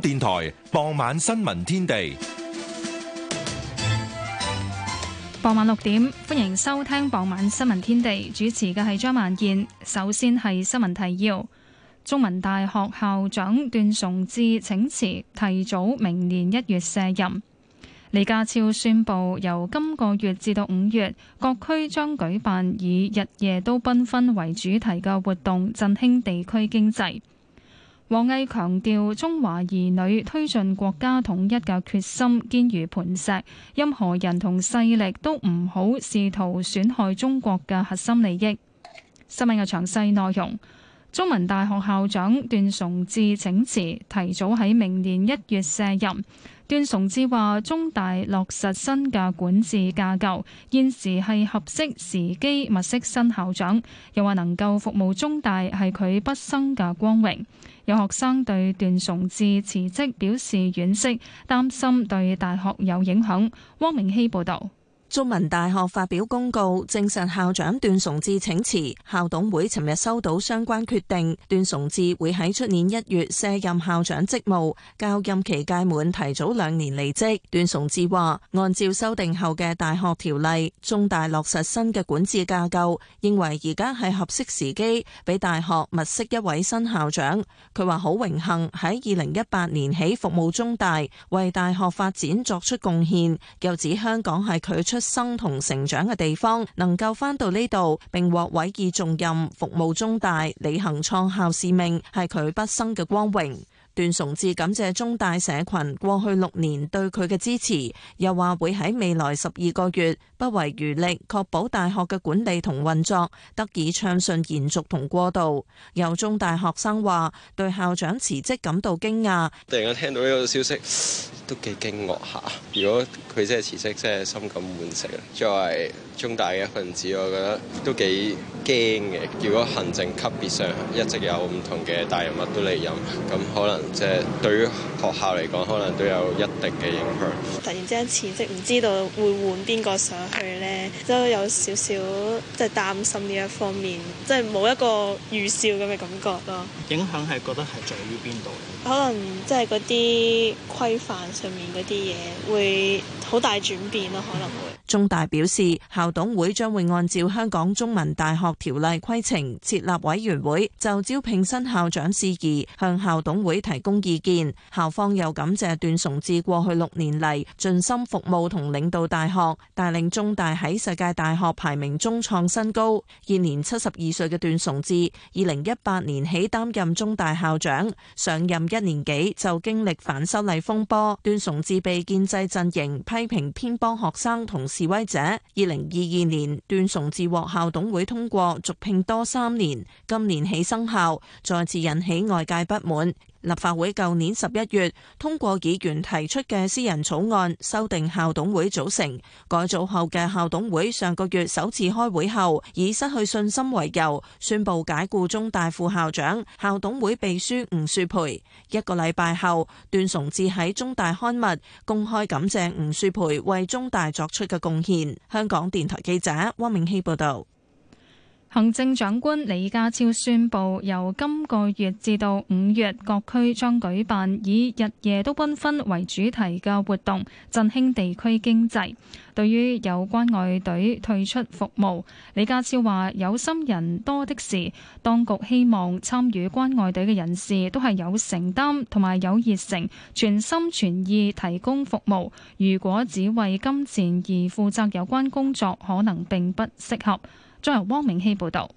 電台傍晚新聞天地，傍晚六點歡迎收聽傍晚新聞天地，主持嘅係張曼燕。首先係新聞提要：中文大學校長段崇智請辭，提早明年一月卸任。李家超宣布，由今個月至到五月，各區將舉辦以日夜都繽紛為主題嘅活動，振興地區經濟。王毅強調，中華兒女推進國家統一嘅決心堅如磐石，任何人同勢力都唔好試圖損害中國嘅核心利益。新聞嘅詳細內容，中文大學校長段崇智請辭，提早喺明年一月卸任。段崇智話：中大落實新嘅管治架構，現時係合適時機，物色新校長。又話能夠服務中大係佢畢生嘅光榮。有學生對段崇智辭職表示惋惜，擔心對大學有影響。汪明希報導。中文大學發表公告證實校長段崇智請辭，校董會尋日收到相關決定，段崇智會喺出年一月卸任校長職務，較任期屆滿提早兩年離職。段崇智話：按照修訂後嘅大學條例，中大落實新嘅管治架構，認為而家係合適時機，俾大學物色一位新校長。佢話好榮幸喺二零一八年起服務中大，為大學發展作出貢獻。又指香港係佢出生同成長嘅地方，能夠返到呢度並獲委以重任，服務中大、履行創校使命，係佢畢生嘅光榮。段崇智感謝中大社群過去六年對佢嘅支持，又話會喺未來十二個月不遺餘力確保大學嘅管理同運作得以暢順延續同過渡。有中大學生話對校長辭職感到驚訝，突然間聽到呢個消息都幾驚愕吓。如果佢真係辭職真係深感惋惜。啊作為中大嘅一份子，我覺得都幾驚嘅。如果行政級別上一直有唔同嘅大人物都嚟任，咁可能。即係對於學校嚟講，可能都有一定嘅影響。突然之間辭職，唔知道會換邊個上去咧，都有少少即係擔心呢一方面，即係冇一個預兆咁嘅感覺咯。影響係覺得係在於邊度？可能即係嗰啲規範上面嗰啲嘢，會好大轉變咯，可能會。中大表示，校董會將會按照香港中文大學條例規程設立委員會，就招聘新校長事宜向校董會提供意見，校方又感謝段崇智過去六年嚟盡心服務同領導大學，帶領中大喺世界大學排名中創新高。現年七十二歲嘅段崇智，二零一八年起擔任中大校長，上任一年幾就經歷反修例風波，段崇智被建制陣營批評偏幫學生同事。示威者。二零二二年段崇智獲校董會通過續聘多三年，今年起生效，再次引起外界不滿。立法會舊年十一月通過議員提出嘅私人草案，修訂校董會組成。改組後嘅校董會上個月首次開會後，以失去信心為由，宣布解雇中大副校長、校董會秘書吳樹培。一個禮拜後，段崇智喺中大刊物公開感謝吳樹培為中大作出嘅貢獻。香港電台記者汪明熙報導。行政長官李家超宣布，由今個月至到五月，各區將舉辦以日夜都繽紛為主題嘅活動，振興地區經濟。對於有關外隊退出服務，李家超話：有心人多的是，當局希望參與關外隊嘅人士都係有承擔同埋有熱誠，全心全意提供服務。如果只為金錢而負責有關工作，可能並不適合。再由汪明熙報道。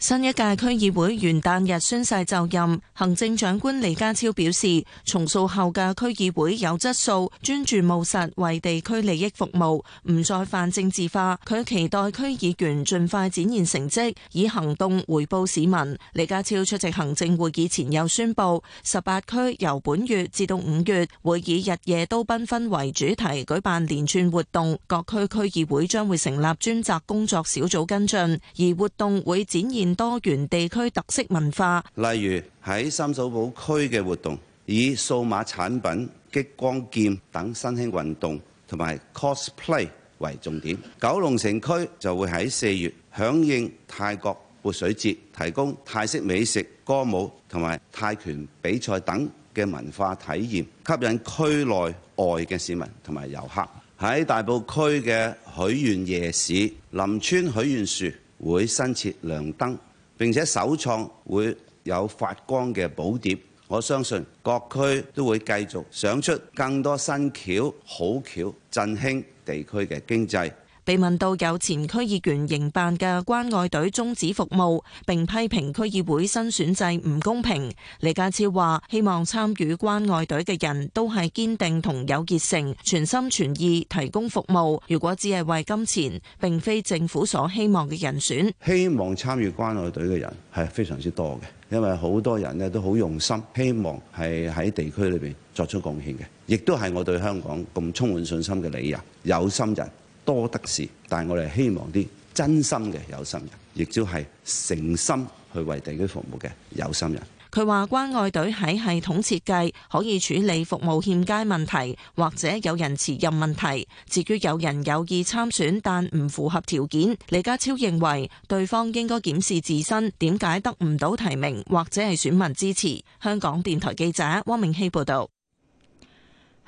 新一屆區議會元旦日宣誓就任，行政長官李家超表示，重塑後嘅區議會有質素、專注務實，為地區利益服務，唔再泛政治化。佢期待區議員盡快展現成績，以行動回報市民。李家超出席行政會議前又宣布，十八區由本月至到五月會以日夜都繽紛為主題舉辦連串活動，各區區議會將會成立專責工作小組跟進，而活動會展現。多元地區特色文化，例如喺深水埗區嘅活動，以數碼產品、激光劍等新興運動同埋 cosplay 為重點，九龍城區就會喺四月響應泰國潑水節，提供泰式美食、歌舞同埋泰拳比賽等嘅文化體驗，吸引區內外嘅市民同埋遊客。喺大埔區嘅許願夜市、林村許願樹。會新設亮燈，並且首創會有發光嘅寶碟。我相信各區都會繼續想出更多新橋、好橋，振興地區嘅經濟。被問到有前區議員營辦嘅關愛隊終止服務，並批評區議會新選制唔公平，李家超話：希望參與關愛隊嘅人都係堅定同有熱誠，全心全意提供服務。如果只係為金錢，並非政府所希望嘅人選。希望參與關愛隊嘅人係非常之多嘅，因為好多人呢都好用心，希望係喺地區裏邊作出貢獻嘅，亦都係我對香港咁充滿信心嘅理由。有心人。多得是，但係我哋希望啲真心嘅有心人，亦都係誠心去為地區服務嘅有心人。佢話關愛隊喺系統設計可以處理服務欠佳問題，或者有人辭任問題，至於有人有意參選但唔符合條件，李家超認為對方應該檢視自身點解得唔到提名，或者係選民支持。香港電台記者汪明熙報道。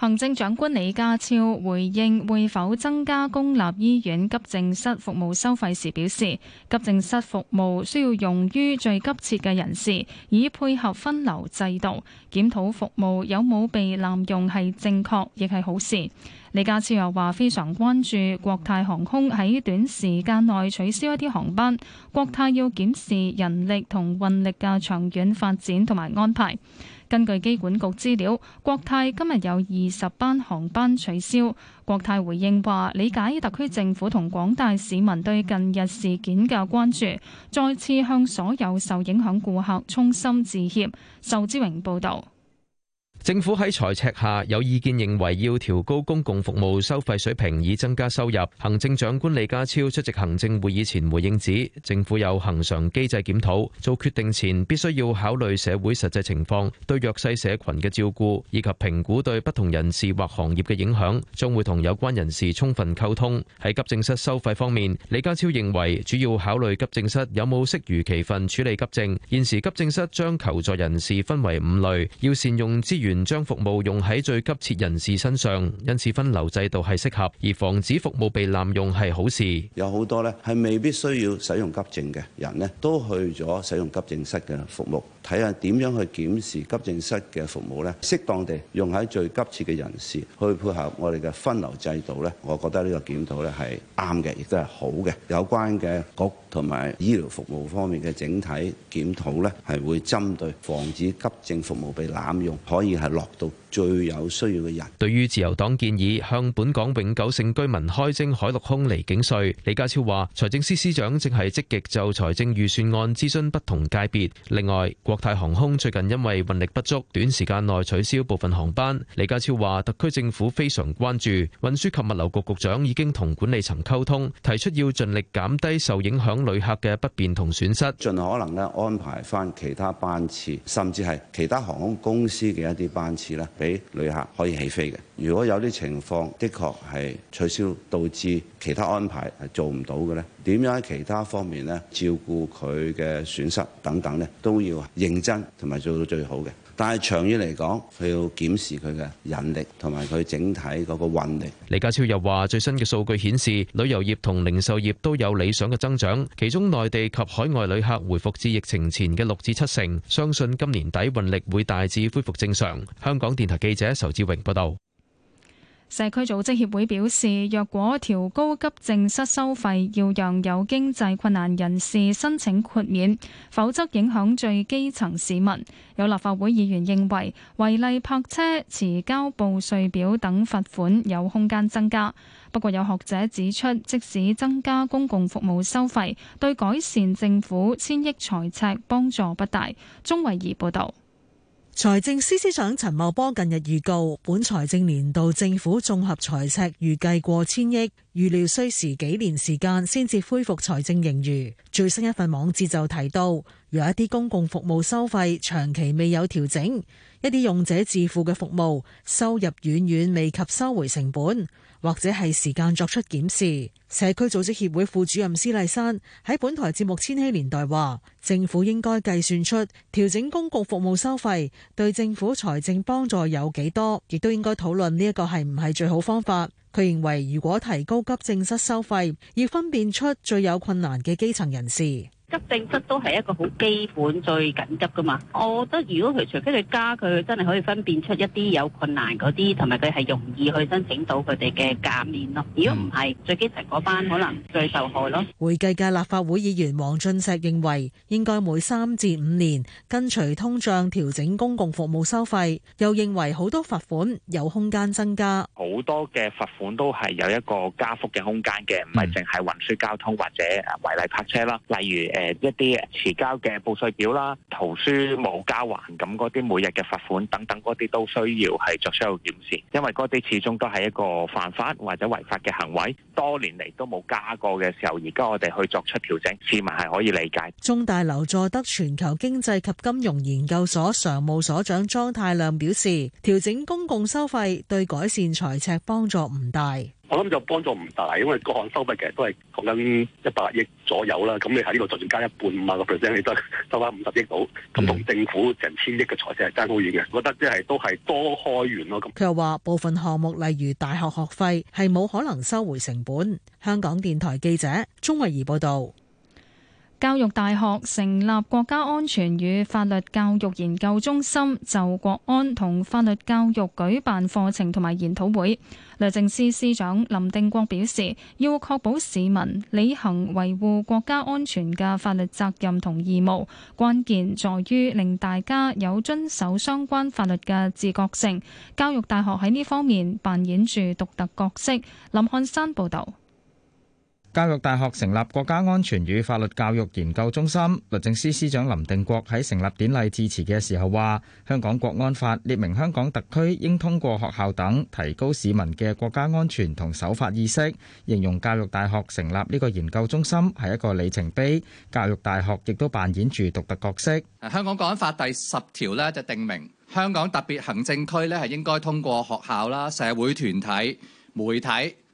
行政長官李家超回應會否增加公立醫院急症室服務收費時表示，急症室服務需要用於最急切嘅人士，以配合分流制度。檢討服務有冇被濫用係正確，亦係好事。李家超又話：非常關注國泰航空喺短時間內取消一啲航班，國泰要檢視人力同運力嘅長遠發展同埋安排。根據機管局資料，國泰今日有二十班航班取消。國泰回應話：理解特區政府同廣大市民對近日事件嘅關注，再次向所有受影響顧客衷心致歉。仇之榮報導。政府喺財赤下有意見認為要調高公共服務收費水平以增加收入。行政長官李家超出席行政會議前回應指，政府有恆常機制檢討，做決定前必須要考慮社會實際情況、對弱勢社羣嘅照顧以及評估對不同人士或行業嘅影響，將會同有關人士充分溝通。喺急症室收費方面，李家超認為主要考慮急症室有冇適如其分處理急症。現時急症室將求助人士分為五類，要善用資源。將服務用喺最急切人士身上，因此分流制度係適合，而防止服務被濫用係好事。有好多咧係未必需要使用急症嘅人咧，都去咗使用急症室嘅服務，睇下點樣去檢視急症室嘅服務咧，適當地用喺最急切嘅人士，去配合我哋嘅分流制度咧。我覺得呢個檢討咧係啱嘅，亦都係好嘅。有關嘅局同埋醫療服務方面嘅整體檢討咧，係會針對防止急症服務被濫用，可以。係落到最有需要嘅人。對於自由黨建議向本港永久性居民開徵海陸空離境稅，李家超話財政司司長正係積極就財政預算案諮詢不同界別。另外，國泰航空最近因為運力不足，短時間內取消部分航班。李家超話特區政府非常關注，運輸及物流局局長已經同管理層溝通，提出要盡力減低受影響旅客嘅不便同損失，盡可能咧安排翻其他班次，甚至係其他航空公司嘅一啲。班次咧，俾旅客可以起飛嘅。如果有啲情況的確係取消，導致其他安排係做唔到嘅咧，點樣喺其他方面咧照顧佢嘅損失等等咧，都要認真同埋做到最好嘅。但係長遠嚟講，佢要檢視佢嘅引力同埋佢整體嗰個運力。李家超又話：最新嘅數據顯示，旅遊業同零售業都有理想嘅增長，其中內地及海外旅客回復至疫情前嘅六至七成，相信今年底運力會大致恢復正常。香港電台記者仇志榮報道。社區組織協會表示，若果調高急症室收費，要讓有經濟困難人士申請豁免，否則影響最基層市民。有立法會議員認為，違例泊車、遲交報稅表等罰款有空間增加。不過，有學者指出，即使增加公共服務收費，對改善政府千億財赤幫助不大。鍾維儀報導。財政司司長陳茂波近日預告，本財政年度政府綜合財赤預計過千億，預料需時幾年時間先至恢復財政盈餘。最新一份網誌就提到，有一啲公共服務收費長期未有調整。一啲用者自付嘅服務，收入遠遠未及收回成本，或者係時間作出檢視。社區組織協會副主任施麗珊喺本台節目《千禧年代》話，政府應該計算出調整公共服務收費對政府財政幫助有幾多，亦都應該討論呢一個係唔係最好方法。佢認為，如果提高急症室收費，要分辨出最有困難嘅基層人士。急症室都係一個好基本最緊急噶嘛，我覺得如果佢除非佢加佢，真係可以分辨出一啲有困難嗰啲，同埋佢係容易去申請到佢哋嘅減免咯。如果唔係，最基層嗰班可能最受害咯。會計界立法會議員黃俊碩認為，應該每三至五年跟隨通脹調整公共服務收費，又認為好多罰款有空間增加。好多嘅罰款都係有一個加幅嘅空間嘅，唔係淨係運輸交通或者違例泊車啦，例如。誒一啲遲交嘅報稅表啦、圖書冇交還咁嗰啲每日嘅罰款等等嗰啲都需要係作深入檢視，因為嗰啲始終都係一個犯法或者違法嘅行為，多年嚟都冇加過嘅時候，而家我哋去作出調整，市民係可以理解。中大劉佐德全球經濟及金融研究所常務所長莊太亮表示，調整公共收費對改善財赤幫助唔大。我諗就幫助唔大，因為各項收費其實都係講緊一百億左右啦。咁你喺呢個就算加一半五萬個 percent，你都收翻五十億到，咁同政府成千億嘅財政係爭好遠嘅。我覺得即係都係多開源咯。咁佢又話，部分項目例如大學學費係冇可能收回成本。香港電台記者鍾慧儀報道，教育大學成立國家安全與法律教育研究中心，就國安同法律教育舉辦課程同埋研討會。律政司司長林定國表示，要確保市民履行維護國家安全嘅法律責任同義務，關鍵在於令大家有遵守相關法律嘅自覺性。教育大學喺呢方面扮演住獨特角色，林漢山報道。教育大學成立國家安全與法律教育研究中心，律政司司長林定國喺成立典禮致辭嘅時候話：香港國安法列明香港特區應通過學校等提高市民嘅國家安全同守法意識。形容教育大學成立呢個研究中心係一個里程碑，教育大學亦都扮演住獨特角色。香港國安法第十條呢就定明，香港特別行政區呢係應該通過學校啦、社會團體、媒體、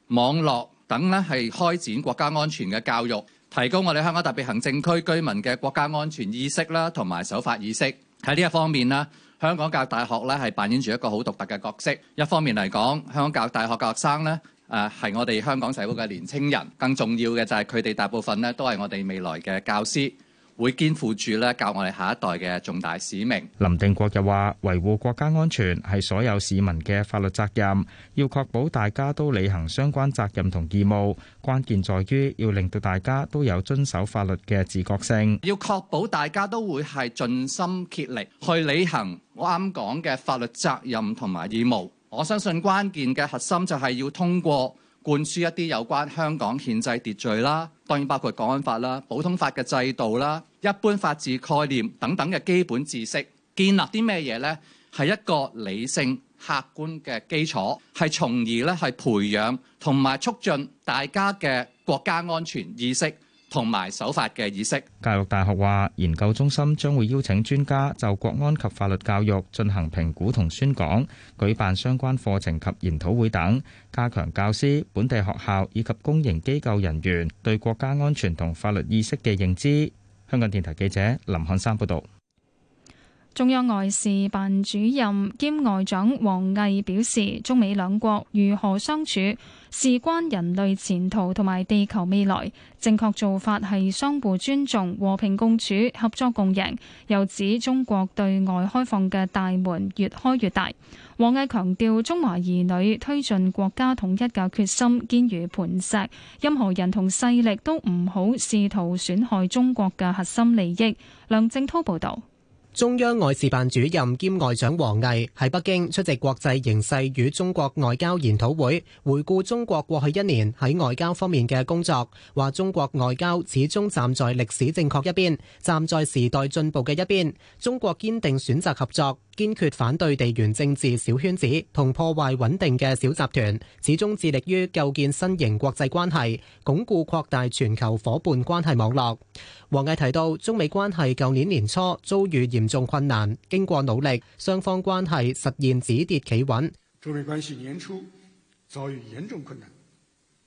網絡、等呢，係開展國家安全嘅教育，提高我哋香港特別行政區居民嘅國家安全意識啦，同埋守法意識。喺呢一方面啦，香港教育大學咧係扮演住一個好獨特嘅角色。一方面嚟講，香港教育大學嘅學生咧，誒係我哋香港社會嘅年青人，更重要嘅就係佢哋大部分咧都係我哋未來嘅教師。會肩負住咧教我哋下一代嘅重大使命。林定國又話：維護國家安全係所有市民嘅法律責任，要確保大家都履行相關責任同義務。關鍵在於要令到大家都有遵守法律嘅自覺性，要確保大家都會係盡心竭力去履行我啱講嘅法律責任同埋義務。我相信關鍵嘅核心就係要通過灌輸一啲有關香港憲制秩序啦，當然包括《國安法》啦、普通法嘅制度啦、一般法治概念等等嘅基本知識，建立啲咩嘢呢？係一個理性、客觀嘅基礎，係從而咧係培養同埋促進大家嘅國家安全意識。同埋守法嘅意識。教育大學話，研究中心將會邀請專家就國安及法律教育進行評估同宣講，舉辦相關課程及研討會等，加強教師、本地學校以及公營機構人員對國家安全同法律意識嘅認知。香港電台記者林漢山報道。中央外事辦主任兼外長王毅表示，中美兩國如何相處，事關人類前途同埋地球未來，正確做法係相互尊重、和平共處、合作共贏。又指中國對外開放嘅大門越開越大。王毅強調，中華兒女推進國家統一嘅決心堅如磐石，任何人同勢力都唔好試圖損害中國嘅核心利益。梁正滔報導。中央外事辦主任兼外長王毅喺北京出席國際形勢與中國外交研討會，回顧中國過去一年喺外交方面嘅工作，話中國外交始終站在歷史正確一邊，站在時代進步嘅一邊，中國堅定選擇合作。堅決反對地緣政治小圈子同破壞穩定嘅小集團，始終致力於構建新型國際關係，鞏固擴大全球伙伴關係網絡。王毅提到，中美關係舊年年初遭遇嚴重困難，經過努力，雙方關係實現止跌企穩。中美關係年初遭遇嚴重困難，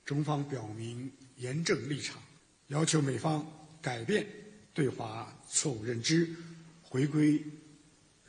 中方表明嚴正立場，要求美方改變對華錯誤認知，回歸。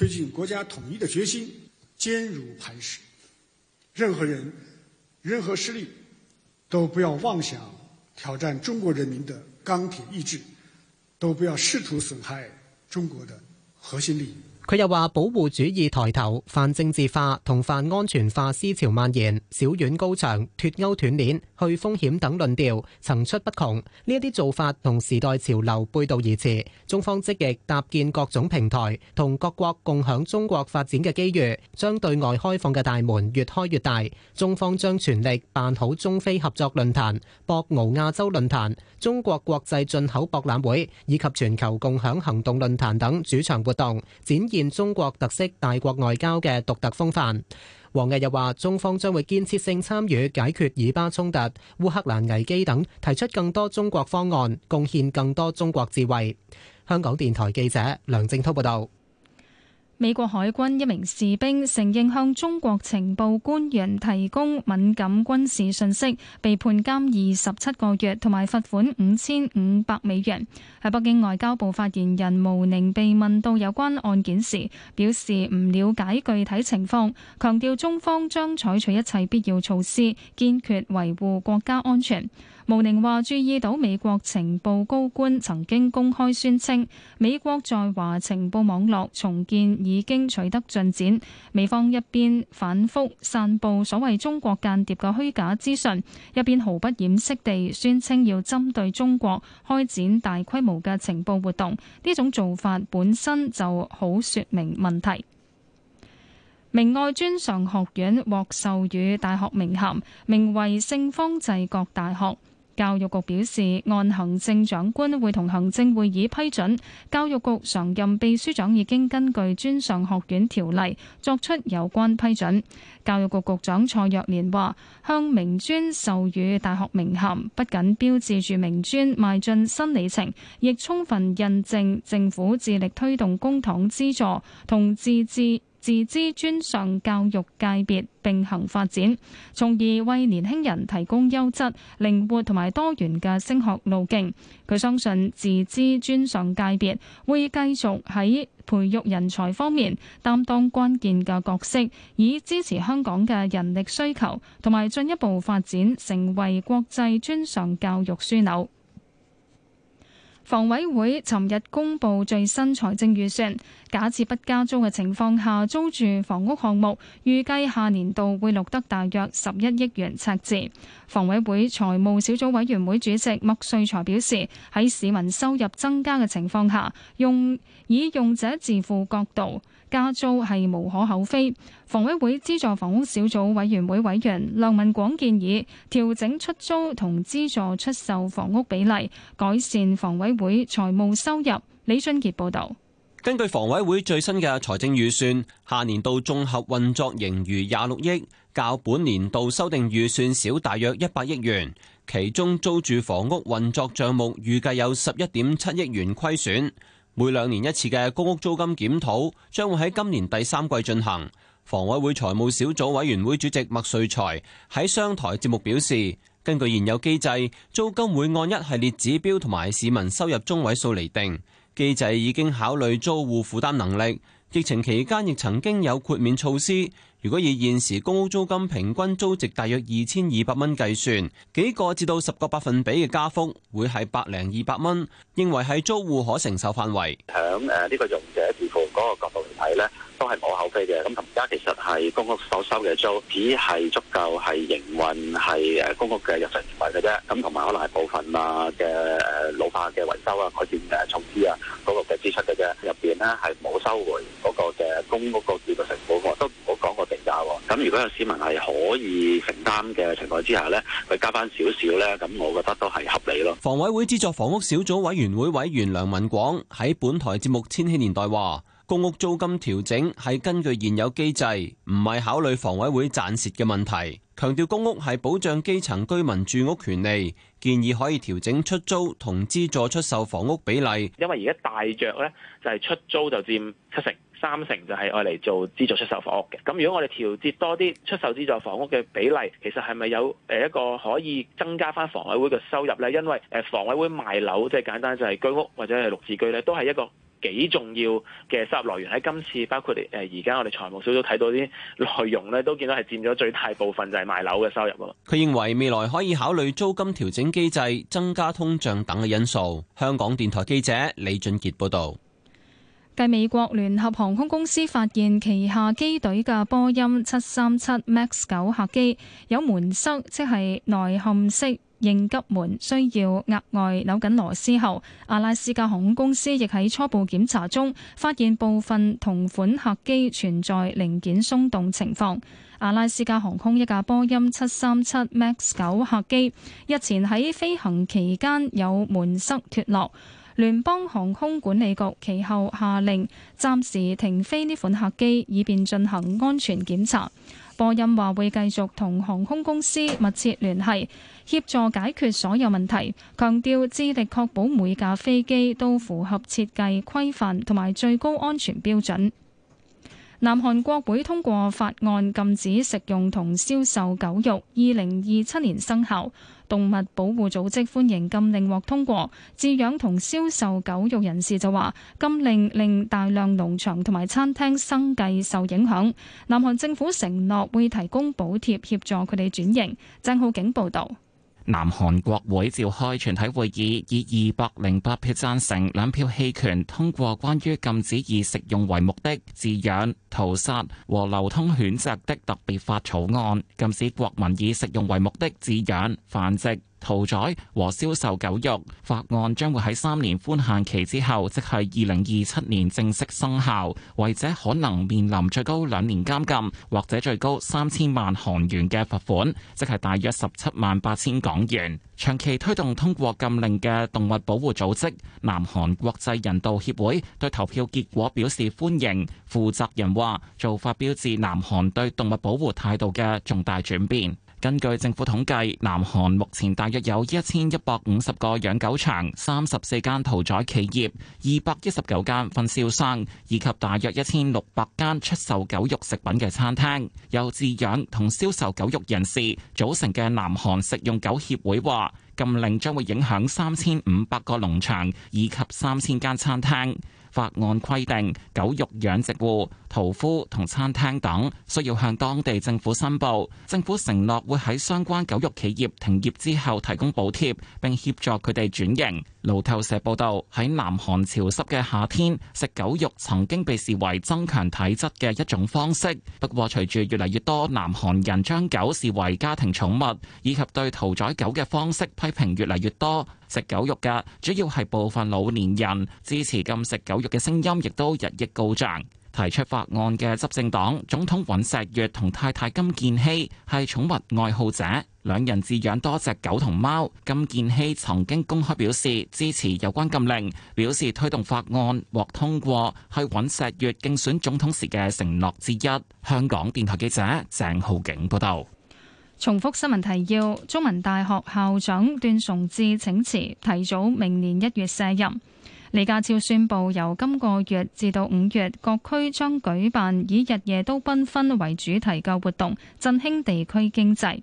推進國家統一的決心堅如磐石，任何人、任何勢力都不要妄想挑戰中國人民的鋼鐵意志，都不要試圖損害中國的核心利益。佢又話，保護主義抬頭，泛政治化同泛安全化思潮蔓延，小院高牆脫鈎斷鏈。去風險等論調層出不窮，呢一啲做法同時代潮流背道而馳。中方積極搭建各種平台，同各國共享中國發展嘅機遇，將對外開放嘅大門越開越大。中方將全力辦好中非合作論壇、博鰲亞洲論壇、中國國際進口博覽會以及全球共享行動論壇等主場活動，展現中國特色大國外交嘅獨特風範。王毅又話：中方將會建設性參與解決以巴衝突、烏克蘭危機等，提出更多中國方案，貢獻更多中國智慧。香港電台記者梁正滔報導。美國海軍一名士兵承認向中國情報官員提供敏感軍事信息，被判監二十七個月，同埋罰款五千五百美元。喺北京外交部發言人毛寧被問到有關案件時，表示唔了解具體情況，強調中方將採取一切必要措施，堅決維護國家安全。毛寧話：注意到美國情報高官曾經公開宣稱，美國在華情報網絡重建已經取得進展。美方一邊反覆散布所謂中國間諜嘅虛假資訊，一邊毫不掩飾地宣稱要針對中國開展大規模嘅情報活動。呢種做法本身就好說明問題。明愛專上學院獲授予大學名銜，名為聖方濟各大學。教育局表示，按行政長官會同行政會議批准，教育局常任秘書長已經根據專上學院條例作出有關批准。教育局局長蔡若蓮話，向明專授予大學名銜，不僅標誌住明專邁進新里程，亦充分印證政府致力推動公帑資助同自治。自資專上教育界別並行發展，從而為年輕人提供優質、靈活同埋多元嘅升學路徑。佢相信自資專上界別會繼續喺培育人才方面擔當關鍵嘅角色，以支持香港嘅人力需求，同埋進一步發展成為國際專上教育樞紐。房委會尋日公布最新財政預算，假設不加租嘅情況下，租住房屋項目預計下年度會錄得大約十一億元赤字。房委會財務小組委員會主席麥萃才表示，喺市民收入增加嘅情況下，用以用者自負角度。加租係無可厚非。房委會資助房屋小組委員會委員梁文廣建議調整出租同資助出售房屋比例，改善房委會財務收入。李俊杰報道。根據房委會最新嘅財政預算，下年度綜合運作盈餘廿六億，較本年度修訂預算少大約一百億元。其中租住房屋運作賬目預計有十一點七億元虧損。每兩年一次嘅公屋租金檢討將會喺今年第三季進行。房委會財務小組委員會主席麥瑞才喺商台節目表示，根據現有機制，租金會按一系列指標同埋市民收入中位數嚟定。機制已經考慮租戶負擔能力，疫情期間亦曾經有豁免措施。如果以現時公屋租金平均租值大約二千二百蚊計算，幾個至到十個百分比嘅加幅，會係百零二百蚊，認為係租戶可承受範圍。喺誒呢個用者自付嗰個角度嚟睇咧。都係無口非嘅，咁同而家其實係公屋所收嘅租，只係足夠係營運係誒公屋嘅日常運維嘅啫，咁同埋可能係部分啊嘅誒老化嘅維修啊改善誒措施啊嗰個嘅支出嘅啫，入邊呢係冇收回嗰個嘅公屋個住嘅成本，我都唔好講個地價喎。咁如果有市民係可以承擔嘅情況之下呢，佢加翻少少呢，咁我覺得都係合理咯。房委會資助房屋小組委員會委員梁文廣喺本台節目《千禧年代》話。公屋租金調整係根據現有機制，唔係考慮房委會賺蝕嘅問題。強調公屋係保障基層居民住屋權利，建議可以調整出租同資助出售房屋比例。因為而家大著呢，就係、是、出租就佔七成，三成就係愛嚟做資助出售房屋嘅。咁如果我哋調節多啲出售資助房屋嘅比例，其實係咪有誒一個可以增加翻房委會嘅收入呢？因為誒房委會賣樓即係、就是、簡單就係居屋或者係綠置居咧，都係一個。幾重要嘅收入來源喺今次，包括嚟而家我哋財務資料睇到啲內容咧，都見到係佔咗最大部分，就係賣樓嘅收入咯。佢認為未來可以考慮租金調整機制、增加通脹等嘅因素。香港電台記者李俊傑報道。繼美國聯合航空公司發現，旗下機隊嘅波音七三七 MAX 九客機有門塞，即係內嵌式。應急門需要額外扭緊螺絲後，阿拉斯加航空公司亦喺初步檢查中發現部分同款客機存在零件鬆動情況。阿拉斯加航空一架波音七三七 MAX 九客機日前喺飛行期間有門塞脫落，聯邦航空管理局其後下令暫時停飛呢款客機，以便進行安全檢查。波音話會繼續同航空公司密切聯繫，協助解決所有問題，強調致力確保每架飛機都符合設計規範同埋最高安全標準。南韓國會通過法案禁止食用同銷售狗肉，二零二七年生效。動物保護組織歡迎禁令獲通過。飼養同銷售狗肉人士就話，禁令令大量農場同埋餐廳生計受影響。南韓政府承諾會提供補貼協助佢哋轉型。鄭浩景報道。南韓國會召開全體會議，以二百零八票贊成、兩票棄權通過關於禁止以食用為目的飼養、屠殺和流通犬隻的特別法草案，禁止國民以食用為目的飼養繁殖。屠宰和銷售狗肉法案將會喺三年寬限期之後，即係二零二七年正式生效，違者可能面臨最高兩年監禁或者最高三千萬韓元嘅罰款，即係大約十七萬八千港元。長期推動通過禁令嘅動物保護組織南韓國際人道協會對投票結果表示歡迎，負責人話：做法標誌南韓對動物保護態度嘅重大轉變。根據政府統計，南韓目前大約有一千一百五十個養狗場、三十四間屠宰企業、二百一十九間分銷商，以及大約一千六百間出售狗肉食品嘅餐廳。由飼養同銷售狗肉人士組成嘅南韓食用狗協會話，禁令將會影響三千五百個農場以及三千間餐廳。法案規定，狗肉養殖戶、屠夫同餐廳等需要向當地政府申報。政府承諾會喺相關狗肉企業停業之後提供補貼，並協助佢哋轉型。路透社報道，喺南韓潮濕嘅夏天，食狗肉曾經被視為增強體質嘅一種方式。不過，隨住越嚟越多南韓人將狗視為家庭寵物，以及對屠宰狗嘅方式批評越嚟越多。食狗肉嘅主要係部分老年人，支持禁食狗肉嘅聲音亦都日益高漲。提出法案嘅執政黨總統尹錫悅同太太金建希係寵物愛好者，兩人飼養多隻狗同貓。金建希曾經公開表示支持有關禁令，表示推動法案獲通過，係尹錫悅競選總統時嘅承諾之一。香港電台記者鄭浩景報道。重複新聞提要：中文大學校長段崇智請辭，提早明年一月卸任。李家超宣布由今個月至到五月，各區將舉辦以日夜都繽紛為主題嘅活動，振興地區經濟。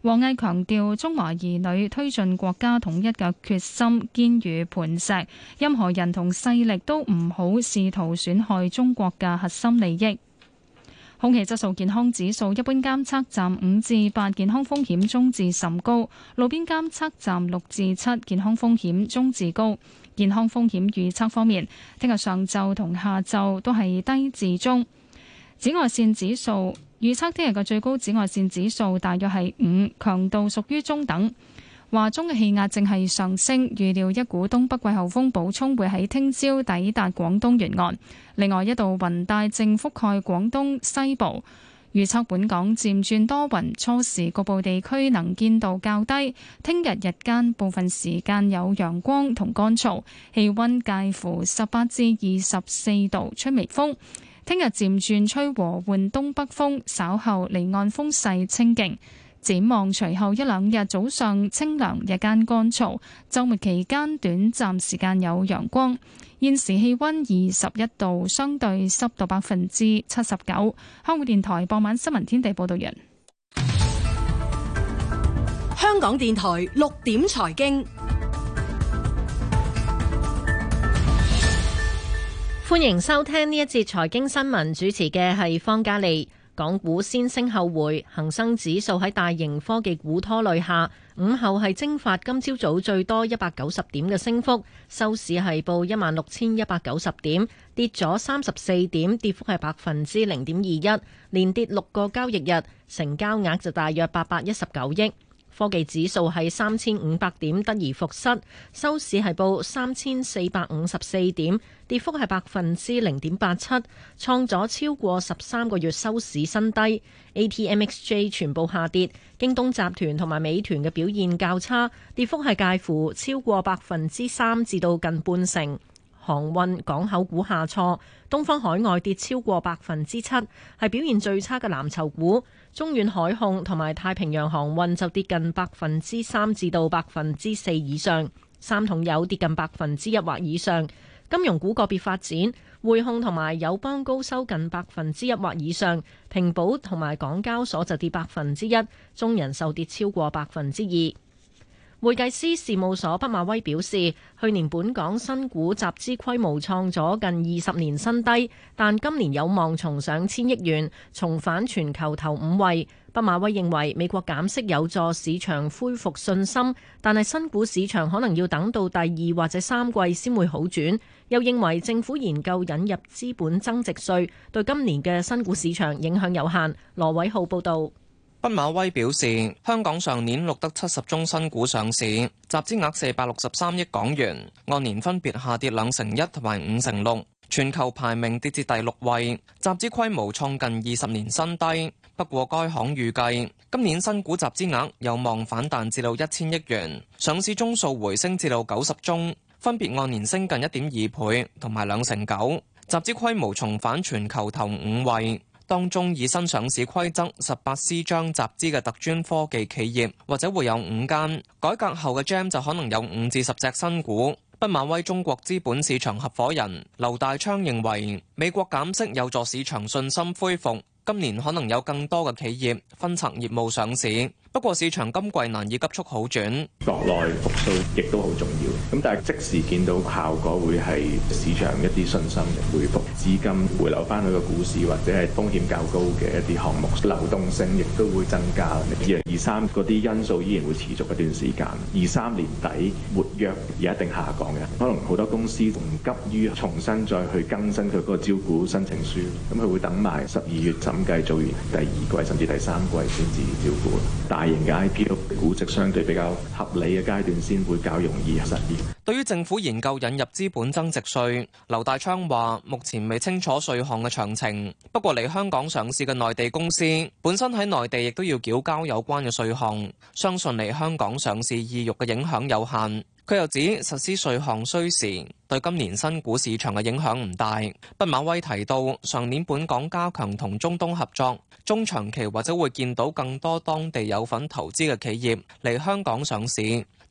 王毅強調，中華兒女推進國家統一嘅決心堅如磐石，任何人同勢力都唔好試圖損害中國嘅核心利益。空氣質素健康指數一般監測站五至八，健康風險中至甚高；路邊監測站六至七，健康風險中至高。健康風險預測方面，聽日上晝同下晝都係低至中。紫外線指數預測，聽日嘅最高紫外線指數大約係五，強度屬於中等。華中嘅氣壓正係上升，預料一股東北季候風補充會喺聽朝抵達廣東沿岸。另外一道雲帶正覆蓋廣東西部，預測本港漸轉多雲，初時局部地區能見度較低。聽日日間部分時間有陽光同乾燥，氣温介乎十八至二十四度，吹微風。聽日漸轉吹和緩東北風，稍後離岸風勢清勁。展望隨後一兩日早上清涼，日間乾燥，周末期間短暫時間有陽光。現時氣温二十一度，相對濕度百分之七十九。香港電台傍晚新聞天地報道員。香港電台六點財經，歡迎收聽呢一節財經新聞，主持嘅係方嘉利。港股先升後回，恒生指數喺大型科技股拖累下，午後係蒸發今朝早，早最多一百九十點嘅升幅，收市係報一萬六千一百九十點，跌咗三十四點，跌幅係百分之零點二一，連跌六個交易日，成交額就大約八百一十九億。科技指數係三千五百點，得而復失，收市係報三千四百五十四點，跌幅係百分之零點八七，創咗超過十三個月收市新低。ATMXJ 全部下跌，京東集團同埋美團嘅表現較差，跌幅係介乎超過百分之三至到近半成。航運港口股下挫，東方海外跌超過百分之七，係表現最差嘅藍籌股。中遠海控同埋太平洋航運就跌近百分之三至到百分之四以上，三桶油跌近百分之一或以上。金融股個別發展，匯控同埋友邦高收近百分之一或以上，平保同埋港交所就跌百分之一，中人壽跌超過百分之二。會計師事務所畢馬威表示，去年本港新股集資規模創咗近二十年新低，但今年有望重上千億元，重返全球頭五位。畢馬威認為，美國減息有助市場恢復信心，但係新股市場可能要等到第二或者三季先會好轉。又認為政府研究引入資本增值稅，對今年嘅新股市場影響有限。羅偉浩報道。畢馬威表示，香港上年錄得七十宗新股上市，集資額四百六十三億港元，按年分別下跌兩成一同埋五成六，全球排名跌至第六位，集資規模創近二十年新低。不過該行預計今年新股集資額有望反彈至到一千億元，上市宗數回升至到九十宗，分別按年升近一點二倍同埋兩成九，集資規模重返全球頭五位。當中以新上市規則十八 C 章集資嘅特專科技企業，或者會有五間。改革後嘅 Gem 就可能有五至十隻新股。畢馬威中國資本市場合夥人劉大昌認為，美國減息有助市場信心恢復，今年可能有更多嘅企業分層業務上市。不過市場今季難以急速好轉，國內復甦亦都好重要。咁但係即時見到效果會係市場一啲信心嘅回復，資金回流翻去個股市或者係風險較高嘅一啲項目，流動性亦都會增加。二零二三嗰啲因素依然會持續一段時間。二三年底活躍而一定下降嘅，可能好多公司唔急於重新再去更新佢嗰個招股申請書，咁佢會等埋十二月審計做完第二季甚至第三季先至招股。大型嘅 IPO 估值相對比較合理嘅階段，先會較容易實現。對於政府研究引入資本增值稅，劉大昌話目前未清楚稅項嘅詳情，不過嚟香港上市嘅內地公司本身喺內地亦都要繳交有關嘅稅項，相信嚟香港上市意欲嘅影響有限。佢又指實施稅項需時，對今年新股市場嘅影響唔大。畢馬威提到上年本港加強同中東合作。中長期或者會見到更多當地有份投資嘅企業嚟香港上市，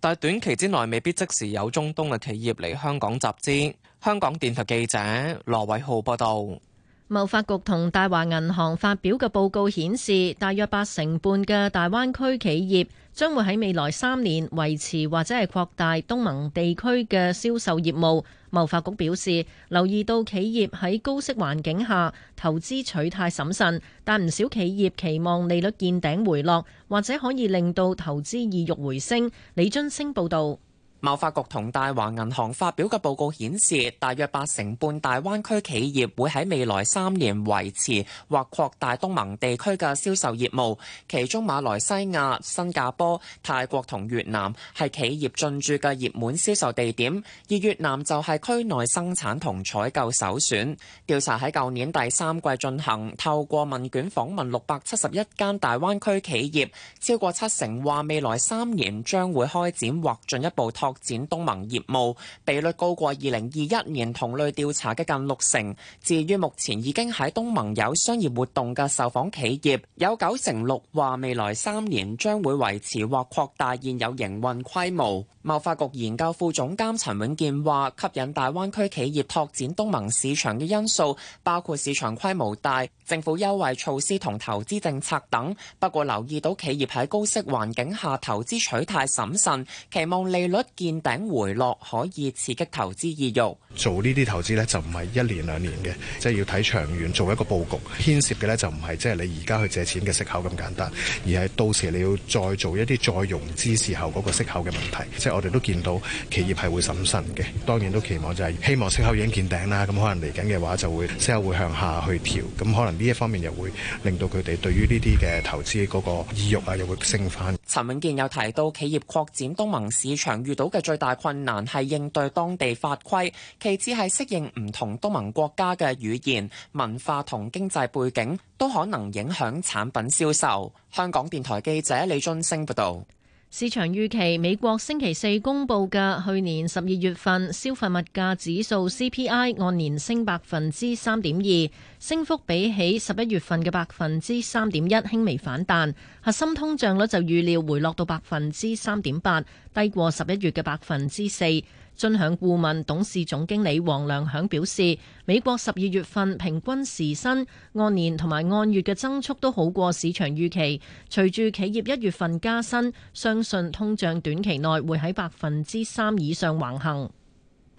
但短期之內未必即時有中東嘅企業嚟香港集資。香港電台記者羅偉浩報道。貿發局同大華銀行發表嘅報告顯示，大約八成半嘅大灣區企業將會喺未來三年維持或者係擴大東盟地區嘅銷售業務。貿發局表示，留意到企業喺高息環境下投資取態審慎，但唔少企業期望利率見頂回落，或者可以令到投資意欲回升。李津星報導。貿發局同大華銀行發表嘅報告顯示，大約八成半大灣區企業會喺未來三年維持或擴大東盟地區嘅銷售業務，其中馬來西亞、新加坡、泰國同越南係企業進駐嘅熱門銷售地點，而越南就係區內生產同採購首選。調查喺舊年第三季進行，透過問卷訪問六百七十一間大灣區企業，超過七成話未來三年將會開展或進一步拓展拓展東盟業務比率高過二零二一年同類調查嘅近六成。至於目前已經喺東盟有商業活動嘅受訪企業，有九成六話未來三年將會維持或擴大現有營運規模。貿發局研究副總監陳永健話，吸引大灣區企業拓展東盟市場嘅因素包括市場規模大、政府優惠措施同投資政策等。不過留意到企業喺高息環境下投資取態審慎，期望利率。見頂回落可以刺激投資意欲，做呢啲投資呢，就唔係一年兩年嘅，即係要睇長遠做一個佈局，牽涉嘅呢，就唔係即係你而家去借錢嘅息口咁簡單，而係到時你要再做一啲再融資時候嗰個息口嘅問題。即係我哋都見到企業係會審慎嘅，當然都期望就係希望息口已經見頂啦，咁可能嚟緊嘅話就會息口會向下去調，咁可能呢一方面又會令到佢哋對於呢啲嘅投資嗰個意欲啊又會升返。陳永健又提到企業擴展東盟市場遇到嘅最大困難係應對當地法規，其次係適應唔同東盟國家嘅語言、文化同經濟背景，都可能影響產品銷售。香港電台記者李俊升報導。市場預期美國星期四公布嘅去年十二月份消費物價指數 CPI 按年升百分之三點二，升幅比起十一月份嘅百分之三點一輕微反彈。核心通脹率就預料回落到百分之三點八，低過十一月嘅百分之四。尊享顧問董事總經理黃亮響表示，美國十二月份平均時薪按年同埋按月嘅增速都好過市場預期。隨住企業一月份加薪，相信通脹短期內會喺百分之三以上橫行。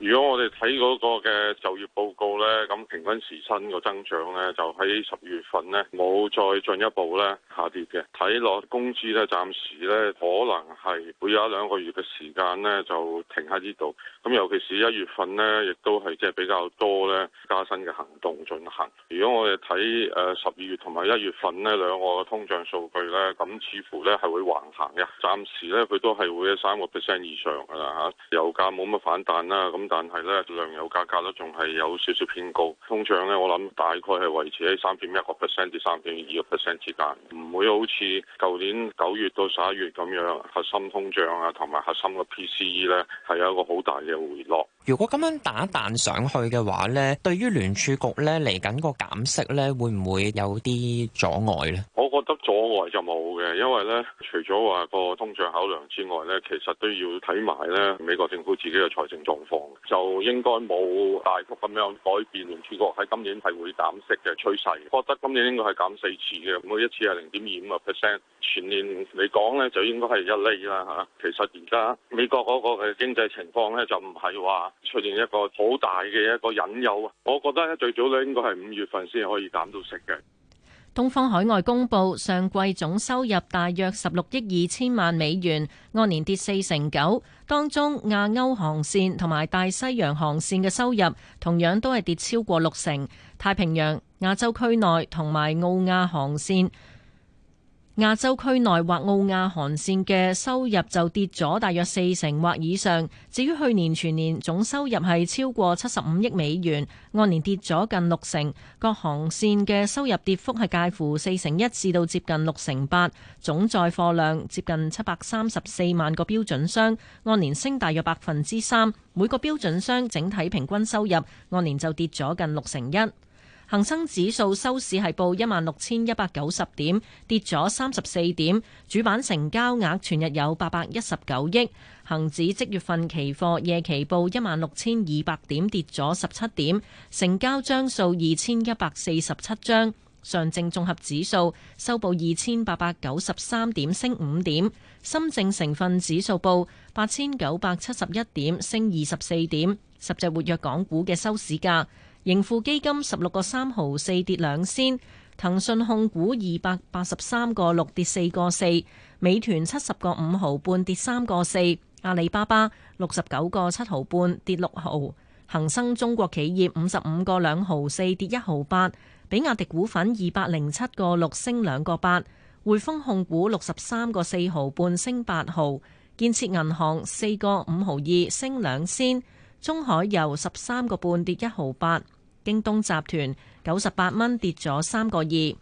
如果我哋睇嗰個嘅就業報告咧，咁平均時薪個增長咧，就喺十二月份咧冇再進一步咧下跌嘅。睇落工資咧，暫時咧可能係會有一兩個月嘅時間咧就停喺呢度。咁尤其是一月份咧，亦都係即係比較多咧加薪嘅行動進行。如果我哋睇誒十二月同埋一月份咧兩個嘅通脹數據咧，咁似乎咧係會橫行嘅。暫時咧佢都係會喺三個 percent 以上㗎啦吓，油價冇乜反彈啦，咁。但係咧，糧油價格都仲係有少少偏高。通脹咧，我諗大概係維持喺三點一個 percent 至三點二個 percent 之間，唔會好似舊年九月到十一月咁樣核心通脹啊，同埋核心嘅 PCE 咧係有一個好大嘅回落。如果咁樣打彈上去嘅話咧，對於聯儲局咧嚟緊個減息咧，會唔會有啲阻礙咧？我覺得。外就冇嘅，因為咧，除咗話個通脹考量之外咧，其實都要睇埋咧美國政府自己嘅財政狀況，就應該冇大幅咁樣改變。聯儲局喺今年係會減息嘅趨勢，覺得今年應該係減四次嘅，每一次係零點二五個 percent。全年嚟講咧，就應該係一厘啦嚇、啊。其實而家美國嗰個嘅經濟情況咧，就唔係話出現一個好大嘅一個隱憂啊。我覺得最早咧應該係五月份先可以減到息嘅。東方海外公布上季總收入大約十六億二千萬美元，按年跌四成九。當中亞歐航線同埋大西洋航線嘅收入同樣都係跌超過六成。太平洋亞洲區內同埋澳亞航線。亞洲區內或澳亞航線嘅收入就跌咗大約四成或以上。至於去年全年總收入係超過七十五億美元，按年跌咗近六成。各航線嘅收入跌幅係介乎四成一至到接近六成八。總載貨量接近七百三十四萬個標準箱，按年升大約百分之三。每個標準箱整體平均收入按年就跌咗近六成一。恒生指數收市係報一萬六千一百九十點，跌咗三十四點，主板成交額全日有八百一十九億。恒指即月份期貨夜期報一萬六千二百點，跌咗十七點，成交張數二千一百四十七張。上證綜合指數收報二千八百九十三點，升五點。深證成分指數報八千九百七十一點，升二十四點。十隻活躍港股嘅收市價。盈富基金十六個三毫四跌兩仙，騰訊控股二百八十三個六跌四個四，美團七十個五毫半跌三個四，阿里巴巴六十九個七毫半跌六毫，恒生中國企業五十五個兩毫四跌一毫八，比亞迪股份二百零七個六升兩個八，匯豐控股六十三個四毫半升八毫，建設銀行四個五毫二升兩仙。中海油十三個半跌一毫八，京東集團九十八蚊跌咗三個二。今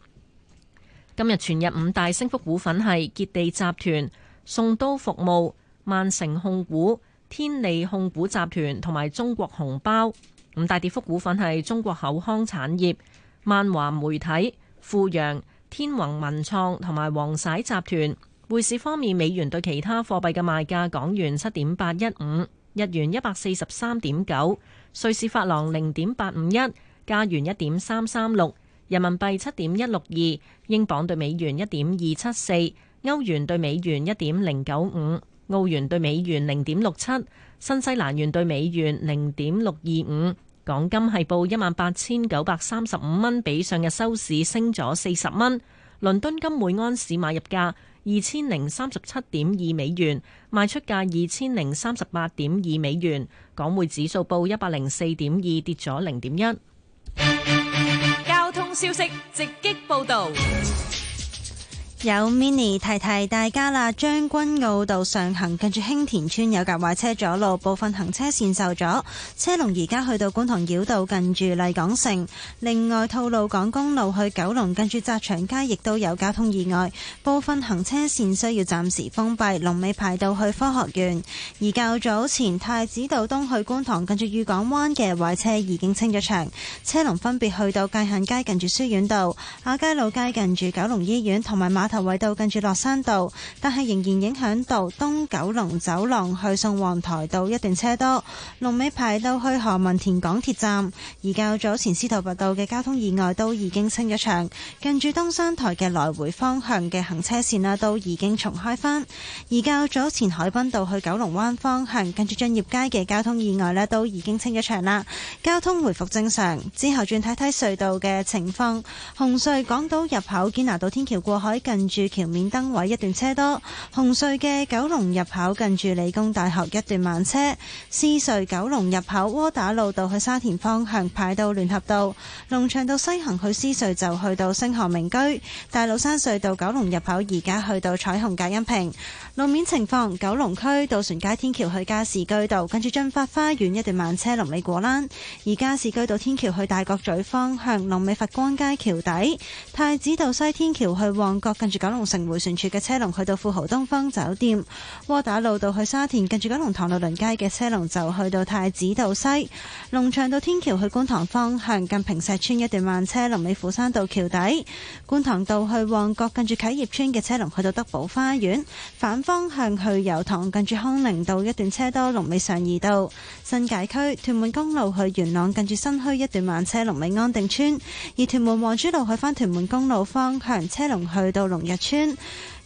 日全日五大升幅股份係傑地集團、宋都服務、萬城控股、天利控股集團同埋中國紅包。五大跌幅股份係中國口腔產業、萬華媒體、富陽、天宏文創同埋皇璽集團。匯市方面，美元對其他貨幣嘅賣價，港元七點八一五。日元一百四十三點九，瑞士法郎零點八五一，加元一點三三六，人民幣七點一六二，英鎊對美元一點二七四，歐元對美元一點零九五，澳元對美元零點六七，新西蘭元對美元零點六二五。港金係報一萬八千九百三十五蚊，比上日收市升咗四十蚊。倫敦金每安士買入價，二千零三十七點二美元，賣出價二千零三十八點二美元，港匯指數報一百零四點二，跌咗零點一。交通消息，直擊報道。有 mini 提提大家啦，將軍澳道上行近住興田村有架壞車阻路，部分行車線受阻，車龍而家去到觀塘繞道近住麗港城。另外，吐露港公路去九龍近住澤祥街亦都有交通意外，部分行車線需要暫時封閉，龍尾排到去科學園。而較早前太子道東去觀塘近住裕港灣嘅壞車已經清咗場，車龍分別去到界限街近住書院道、亞皆老街近住九龍醫院同埋馬。頭位到近住落山道，但係仍然影響到東九龍走廊去宋皇台道一段車多。龍尾排到去何文田港鐵站。而較早前司徒拔道嘅交通意外都已經清咗場，近住東山台嘅來回方向嘅行車線啦都已經重開返。而較早前海濱道去九龍灣方向近住駿業街嘅交通意外咧都已經清咗場啦，交通回復正常。之後轉睇睇隧道嘅情況，紅隧港島入口堅拿道天橋過海近。近住橋面燈位一段車多，紅隧嘅九龍入口近住理工大學一段慢車，獅隧九龍入口窩打老道去沙田方向排到聯合道，龍翔道西行去獅隧就去到星河名居，大老山隧道九龍入口而家去到彩虹隔音屏路面情況，九龍區渡船街天橋去加士居道跟住駿發花園一段慢車，龍尾果欄，而加士居道天橋去大角咀方向龍尾佛光街橋底，太子道西天橋去旺角嘅住九龍城回旋處嘅車龍去到富豪東方酒店，窩打老道去沙田，近住九龍塘律倫街嘅車龍就去到太子道西，龍翔道天橋去觀塘方向，近坪石村一段慢車，龍尾斧山道橋底，觀塘道去旺角，近住啟業村嘅車龍去到德寶花園，反方向去油塘，近住康寧道一段車多，龍尾上怡道，新界區屯門公路去元朗，近住新墟一段慢車，龍尾安定村，而屯門皇珠路去返屯門公路方向，車龍去到龍。紅日村，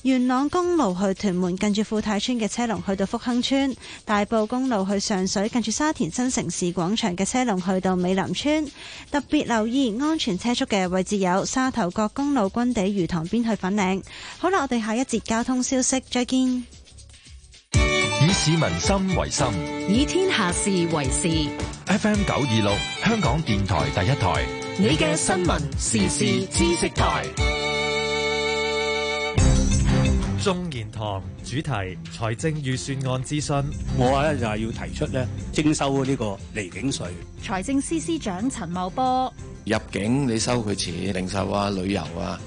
元朗公路去屯門，近住富泰村嘅車龍去到福亨村，大埔公路去上水，近住沙田新城市廣場嘅車龍去到美林村，特別留意安全車速嘅位置有沙頭角公路軍地魚塘邊去粉嶺。好啦，我哋下一節交通消息再見。以市民心為心，以天下事為事。FM 九二六，香港電台第一台，你嘅新聞時事知識台。中研堂主題財政預算案諮詢，我咧就係、是、要提出咧徵收呢個離境稅。財政司司長陳茂波入境你收佢錢，零售啊、旅遊啊，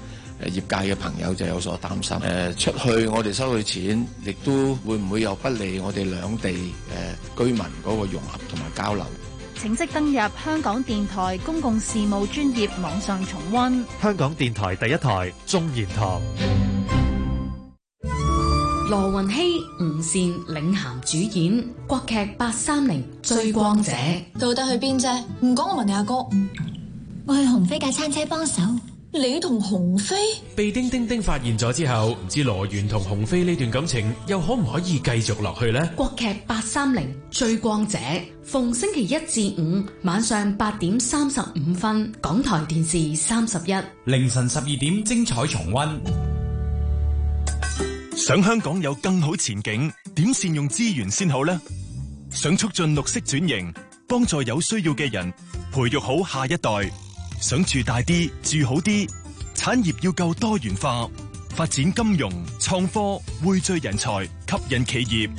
誒業界嘅朋友就有所擔心。誒、呃、出去我哋收佢錢，亦都會唔會有不利我哋兩地誒、呃、居民嗰個融合同埋交流？請即登入香港電台公共事務專業網上重温。香港電台第一台中研堂。羅雲熙、吳倩、領銜主演國劇《八三零追光者》，到底去邊啫？唔講我問你阿哥，哥，我去鴻飛架餐車幫手。你同鴻飛被丁丁丁發現咗之後，唔知羅源同鴻飛呢段感情又可唔可以繼續落去呢？國劇《八三零追光者》逢星期一至五晚上八點三十五分，港台電視三十一，凌晨十二點精彩重温。想香港有更好前景，點善用資源先好呢？想促進綠色轉型，幫助有需要嘅人，培育好下一代。想住大啲，住好啲，產業要夠多元化，發展金融、創科、匯聚人才、吸引企業。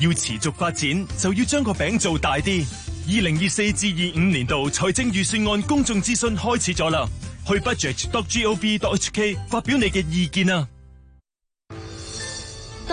要持續發展，就要將個餅做大啲。二零二四至二五年度財政預算案公眾諮詢開始咗啦，去 budget.gov.hk 發表你嘅意見啊！